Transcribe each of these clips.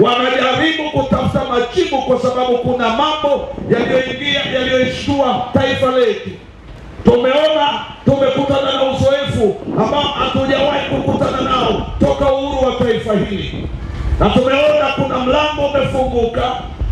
wanajaribu kutafuta majibu, kwa sababu kuna mambo yaliyoingia yaliyoishtua taifa letu. Tumeona, tumekutana na uzoefu ambao hatujawahi kukutana nao toka uhuru wa taifa hili, na tumeona kuna mlango umefunguka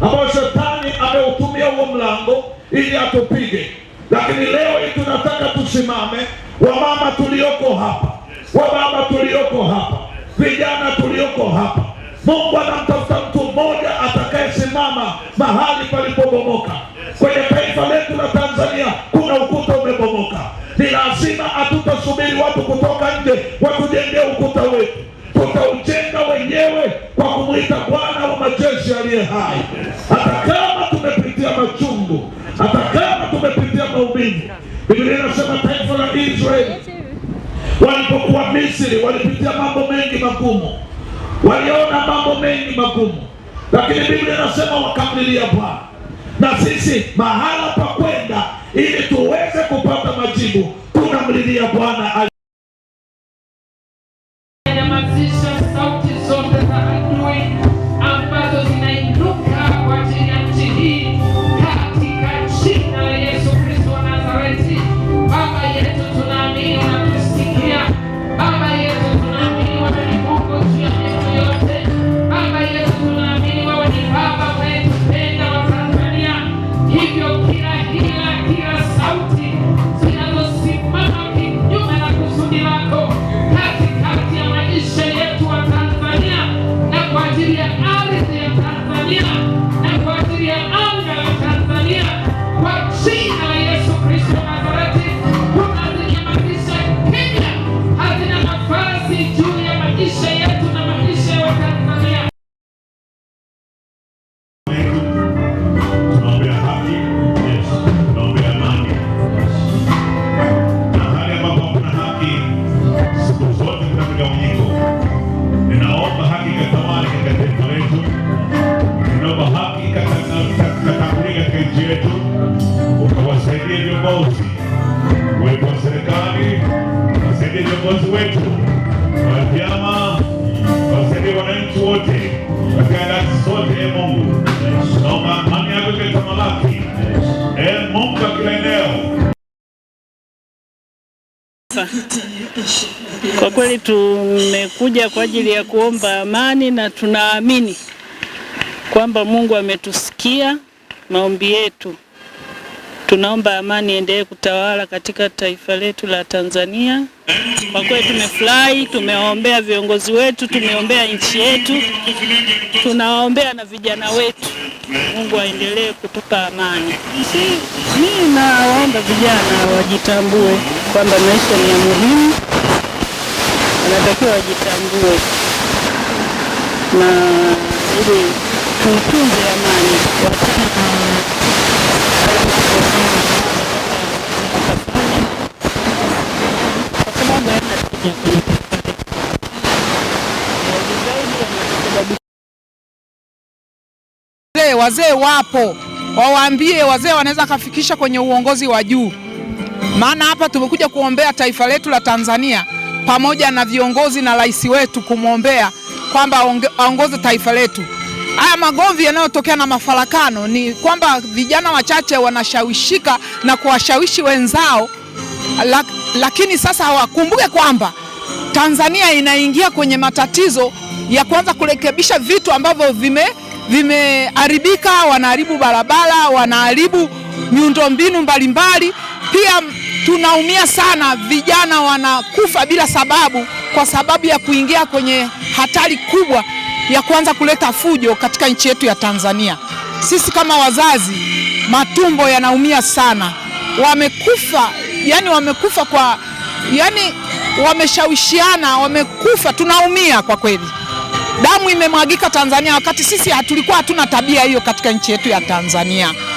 ambao shetani ameutumia huo mlango ili atupige. Lakini leo hii tunataka tusimame, wamama tulioko hapa, wababa tulioko hapa, vijana tulioko hapa Mungu anamtafuta mtu mmoja atakayesimama mahali palipobomoka. Kwenye taifa letu la Tanzania kuna ukuta umebomoka, ni lazima hatutasubiri watu kutoka nje watujengee ukuta wetu, tutaujenga wenyewe kwa kumwita Bwana wa majeshi aliye hai. Hata kama tumepitia machungu, hata kama tumepitia maumivu, Biblia inasema taifa la Israeli walipokuwa Misri walipitia mambo mengi magumu waliona mambo mengi magumu, lakini Biblia inasema wakamlilia Bwana. Na sisi mahala pa kwenda ili tuweze kupata majibu, tunamlilia Bwana. viongozi wetu wa vyama, wasaidie wananchi wote katika nafsi zote. E Mungu, naomba amani yako ikatamalaki, e Mungu, wa kila eneo. Kwa kweli tumekuja kwa ajili ya kuomba amani na tunaamini kwamba Mungu ametusikia maombi yetu. Tunaomba amani endelee kutawala katika taifa letu la Tanzania. Kwa kweli tumefurahi, tumewaombea viongozi wetu, tumeombea nchi yetu, tunawaombea na vijana wetu. Mungu aendelee kutupa amani. Mimi nawaomba vijana wajitambue kwamba maisha ni ya muhimu, wanatakiwa wajitambue na ili tutunze amani. Wazee wapo, wawaambie wazee wanaweza kafikisha kwenye uongozi wa juu, maana hapa tumekuja kuombea taifa letu la Tanzania pamoja na viongozi na rais wetu kumwombea kwamba aongoze taifa letu. Haya magomvi yanayotokea na mafarakano ni kwamba vijana wachache wanashawishika na kuwashawishi wenzao lakini sasa hawakumbuke kwamba Tanzania inaingia kwenye matatizo ya kuanza kurekebisha vitu ambavyo vime vimeharibika, wanaharibu barabara, wanaharibu miundombinu mbalimbali. Pia tunaumia sana, vijana wanakufa bila sababu, kwa sababu ya kuingia kwenye hatari kubwa ya kuanza kuleta fujo katika nchi yetu ya Tanzania. Sisi kama wazazi, matumbo yanaumia sana, wamekufa yani wamekufa kwa yani wameshawishiana, wamekufa. Tunaumia kwa kweli, damu imemwagika Tanzania, wakati sisi hatulikuwa hatuna tabia hiyo katika nchi yetu ya Tanzania.